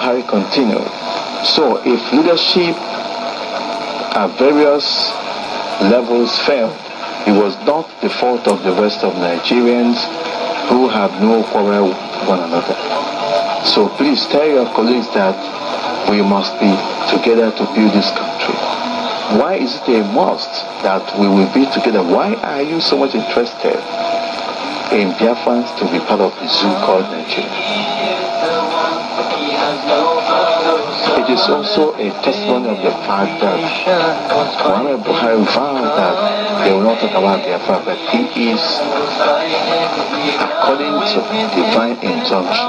Buhari continued. So if leadership at various levels failed, it was not the fault of the rest of Nigerians who have no quarrel with one another. So please tell your colleagues that we must be together to build this country. Why is it a must that we will be together? Why are you so much interested in Biafrans to be part of the zoo called Nigeria? It is also a testimony of the fact that Muhammad Buhari vowed that they will not talk about their father. He is, according to divine injunction,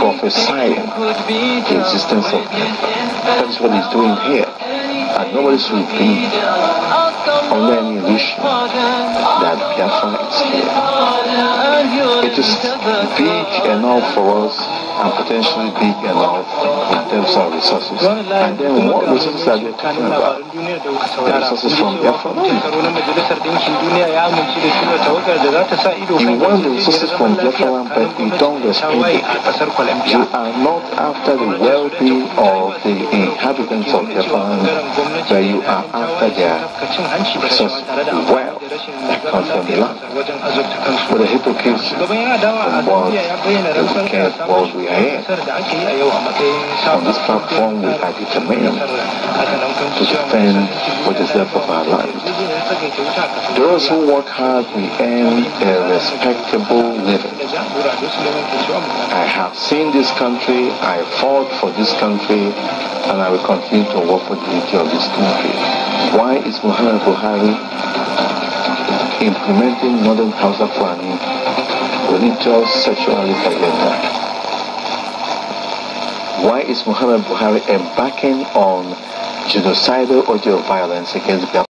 prophesying the existence of them. That is what he's doing here. And nobody should be under any illusion that Biafra is here. It is big enough for us and potentially big enough in terms of resources. And then what resources are they talking about? The resources from their family. You want the resources from their family, but you don't respect them. You are not after the well-being of the inhabitants of their family, but you are after their resources. Well, comes from the land. But the hypocrites from what we on this platform we are determined to defend what is left of our lives. Those who work hard will earn a respectable living. I have seen this country, I fought for this country, and I will continue to work for the unity of this country. Why is Muhammad Buhari implementing modern house planning religious sexuality agenda? Why is Muhammad Buhari embarking on genocidal audio violence against